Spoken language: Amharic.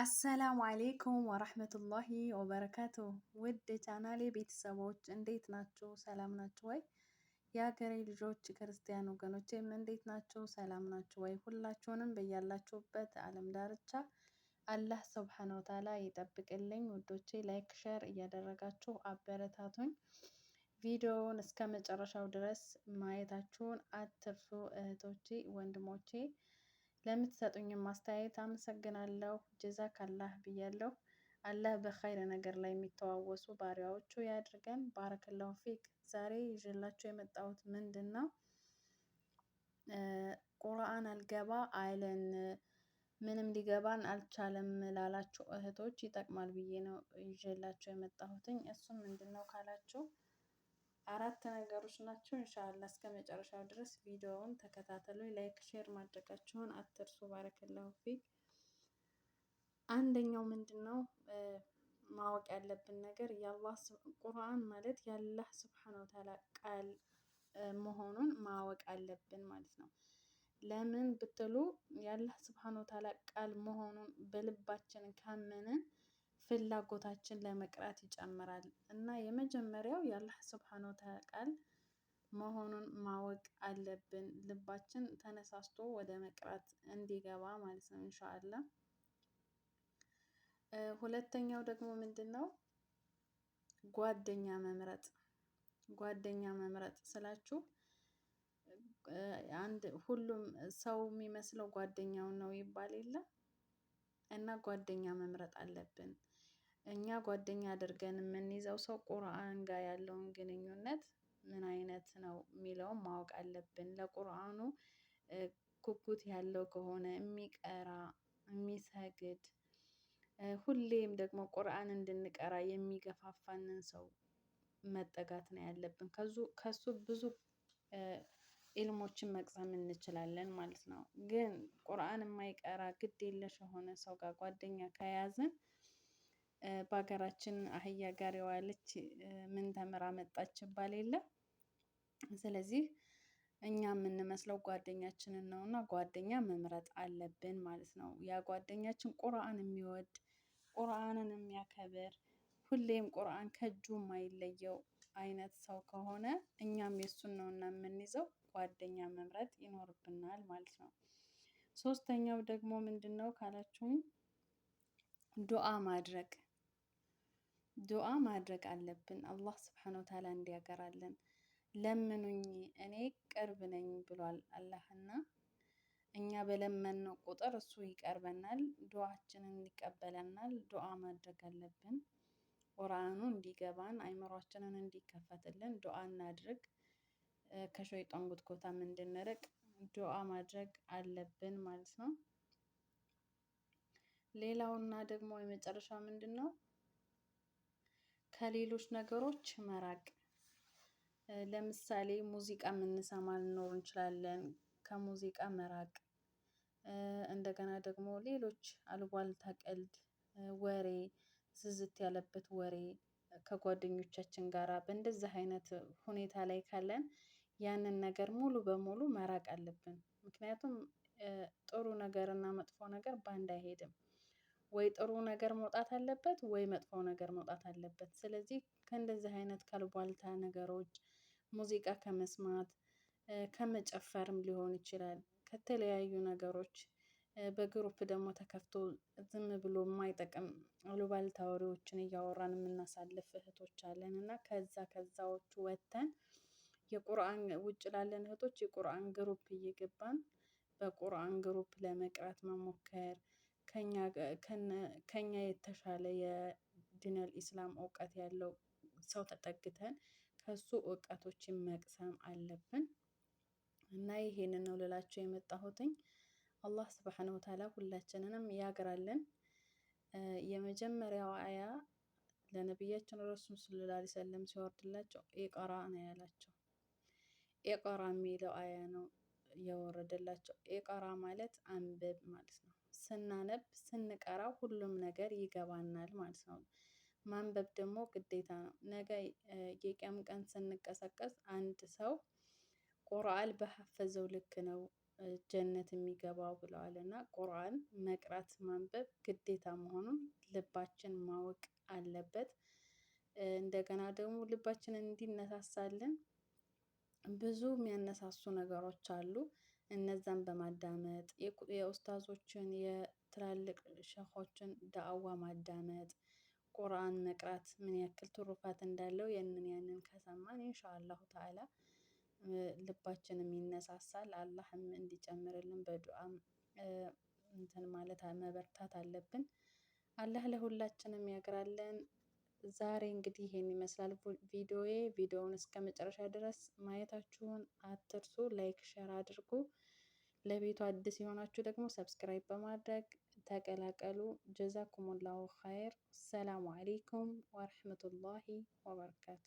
አሰላሙ አሌይኩም ወረህመቱላሂ ወበረካቱ ውድ ቻናሌ ቤተሰቦች እንዴት ናችሁ? ሰላም ናችሁ ወይ? የሀገሬ ልጆች ክርስቲያን ወገኖቼም እንዴት ናችሁ? ሰላም ናችሁ ወይ? ሁላችሁንም በያላችሁበት ዓለም ዳርቻ አላህ ስብሓነ ወተዓላ ይጠብቅልኝ። ውዶቼ ላይክ፣ ሸር እያደረጋችሁ አበረታቱኝ። ቪዲዮውን እስከ መጨረሻው ድረስ ማየታችሁን አትርሱ እህቶቼ ወንድሞቼ ለምትሰጡኝም ማስተያየት አመሰግናለሁ። ጀዛከላህ ብያለሁ። አላህ በኸይር ነገር ላይ የሚተዋወሱ ባሪያዎቹ ያድርገን። ባረከላሁ ፊክ። ዛሬ ይዤላችሁ የመጣሁት ምንድን ነው? ቁርአን አልገባ አይለን ምንም ሊገባን አልቻለም ላላችሁ እህቶች ይጠቅማል ብዬ ነው ይዤላችሁ የመጣሁትኝ። እሱም ምንድን ነው ካላችሁ አራት ነገሮች ናቸው። እንሻላ እስከ መጨረሻው ድረስ ቪዲዮውን ተከታተሉ። ላይክ፣ ሼር ማድረጋችሁን አትርሱ። ባረከላሁ ፊክ። አንደኛው ምንድነው ማወቅ ያለብን ነገር የአላህ ቁርአን ማለት የአላህ ስብሓን ወተዓላ ቃል መሆኑን ማወቅ አለብን ማለት ነው። ለምን ብትሉ የአላህ ስብሓን ወተዓላ ቃል መሆኑን በልባችን ካመንን ፍላጎታችን ለመቅራት ይጨምራል እና የመጀመሪያው የአላህ ስብሓን ወተዓላ ቃል መሆኑን ማወቅ አለብን። ልባችን ተነሳስቶ ወደ መቅራት እንዲገባ ማለት ነው እንሻአላ። ሁለተኛው ደግሞ ምንድን ነው? ጓደኛ መምረጥ። ጓደኛ መምረጥ ስላችሁ አንድ ሁሉም ሰው የሚመስለው ጓደኛውን ነው ይባል የለ እና ጓደኛ መምረጥ አለብን። እኛ ጓደኛ አድርገን የምንይዘው ሰው ቁርአን ጋር ያለውን ግንኙነት ምን አይነት ነው የሚለውን ማወቅ አለብን። ለቁርአኑ ጉጉት ያለው ከሆነ የሚቀራ የሚሰግድ ሁሌም ደግሞ ቁርአን እንድንቀራ የሚገፋፋንን ሰው መጠጋት ነው ያለብን። ከሱ ብዙ ኢልሞችን መቅሰም እንችላለን ማለት ነው። ግን ቁርአን የማይቀራ ግድ የለሽ የሆነ ሰው ጋር ጓደኛ ከያዝን በሀገራችን አህያ ጋር የዋለች ምን ተምራ መጣች ይባል የለ። ስለዚህ እኛ የምንመስለው ጓደኛችንን ነው እና ጓደኛ መምረጥ አለብን ማለት ነው። ያ ጓደኛችን ቁርአን የሚወድ ቁርአንን የሚያከብር ሁሌም ቁርአን ከእጁ የማይለየው አይነት ሰው ከሆነ እኛም የሱን ነው እና የምንይዘው ጓደኛ መምረጥ ይኖርብናል ማለት ነው። ሶስተኛው ደግሞ ምንድን ነው ካላችሁኝ ዱአ ማድረግ ዱዓ ማድረግ አለብን። አላህ ስብሓን ወተዓላ እንዲያገራለን። ለምኑኝ እኔ ቅርብ ነኝ ብሏል አላህና እኛ በለመንነው ቁጥር እሱ ይቀርበናል፣ ዱዓችንን ይቀበለናል። ዱዓ ማድረግ አለብን። ቁርአኑ እንዲገባን አይምሯችንን እንዲከፈትልን ዱዓ እናድርግ። ከሸይጣን ጉትጎታም እንድንርቅ ዱዓ ማድረግ አለብን ማለት ነው። ሌላውና ደግሞ የመጨረሻ ምንድን ነው? ከሌሎች ነገሮች መራቅ። ለምሳሌ ሙዚቃ የምንሰማ ልኖር እንችላለን፣ ከሙዚቃ መራቅ። እንደገና ደግሞ ሌሎች አልቧልታ፣ ቀልድ፣ ወሬ ዝዝት ያለበት ወሬ ከጓደኞቻችን ጋራ በእንደዚህ አይነት ሁኔታ ላይ ካለን ያንን ነገር ሙሉ በሙሉ መራቅ አለብን። ምክንያቱም ጥሩ ነገር እና መጥፎ ነገር በአንድ አይሄድም። ወይ ጥሩ ነገር መውጣት አለበት ወይ መጥፎ ነገር መውጣት አለበት። ስለዚህ ከእንደዚህ አይነት ካልቧልታ ነገሮች ሙዚቃ ከመስማት ከመጨፈርም ሊሆን ይችላል። ከተለያዩ ነገሮች በግሩፕ ደግሞ ተከፍቶ ዝም ብሎ የማይጠቅም አሉባልታ ወሬዎችን እያወራን የምናሳልፍ እህቶች አለን እና ከዛ ከዛዎቹ ወጥተን የቁርአን ውጭ ላለን እህቶች የቁርአን ግሩፕ እየገባን በቁርአን ግሩፕ ለመቅራት መሞከር ከኛ የተሻለ የዲነል ኢስላም እውቀት ያለው ሰው ተጠግተን ከሱ እውቀቶችን መቅሰም አለብን እና ይሄንን ነው ልላቸው የመጣሁትኝ። አላህ ስብሓነሁ ወተዓላ ሁላችንንም ያግራለን። የመጀመሪያው አያ ለነቢያችን ረሱል ሰለላሁ ዐለይሂ ወሰለም ሲወርድላቸው ኤቀራ ነው ያላቸው። ኤቀራ የሚለው አያ ነው የወረደላቸው። ኤቀራ ማለት አንብብ ማለት ነው። ስናነብ ስንቀራ ሁሉም ነገር ይገባናል ማለት ነው። ማንበብ ደግሞ ግዴታ ነው። ነገ የቂያም ቀን ስንቀሰቀስ አንድ ሰው ቁርአን በሀፈዘው ልክ ነው ጀነት የሚገባው ብለዋል እና ቁርአን መቅራት ማንበብ ግዴታ መሆኑን ልባችን ማወቅ አለበት። እንደገና ደግሞ ልባችንን እንዲነሳሳልን ብዙ የሚያነሳሱ ነገሮች አሉ። እነዛን በማዳመጥ የኡስታዞችን የትላልቅ ሸኾችን ዳዕዋ ማዳመጥ ቁርአን መቅራት ምን ያክል ትሩፋት እንዳለው ያንን ያንን ከሰማን ኢንሻአላሁ ተዓላ ልባችንም ይነሳሳል። አላህም እንዲጨምርልን በዱዓም እንትን ማለት መበርታት አለብን። አላህ ለሁላችንም ያግራለን። ዛሬ እንግዲህ ይሄን ይመስላል ቪዲዮዬ። ቪዲዮውን እስከ መጨረሻ ድረስ ማየታችሁን አትርሱ። ላይክ፣ ሸር አድርጉ። ለቤቱ አዲስ የሆናችሁ ደግሞ ሰብስክራይብ በማድረግ ተቀላቀሉ። ጀዛኩሙላሁ ኸይር። ሰላሙ አሌይኩም ወረህመቱላሂ ወበረካቱ።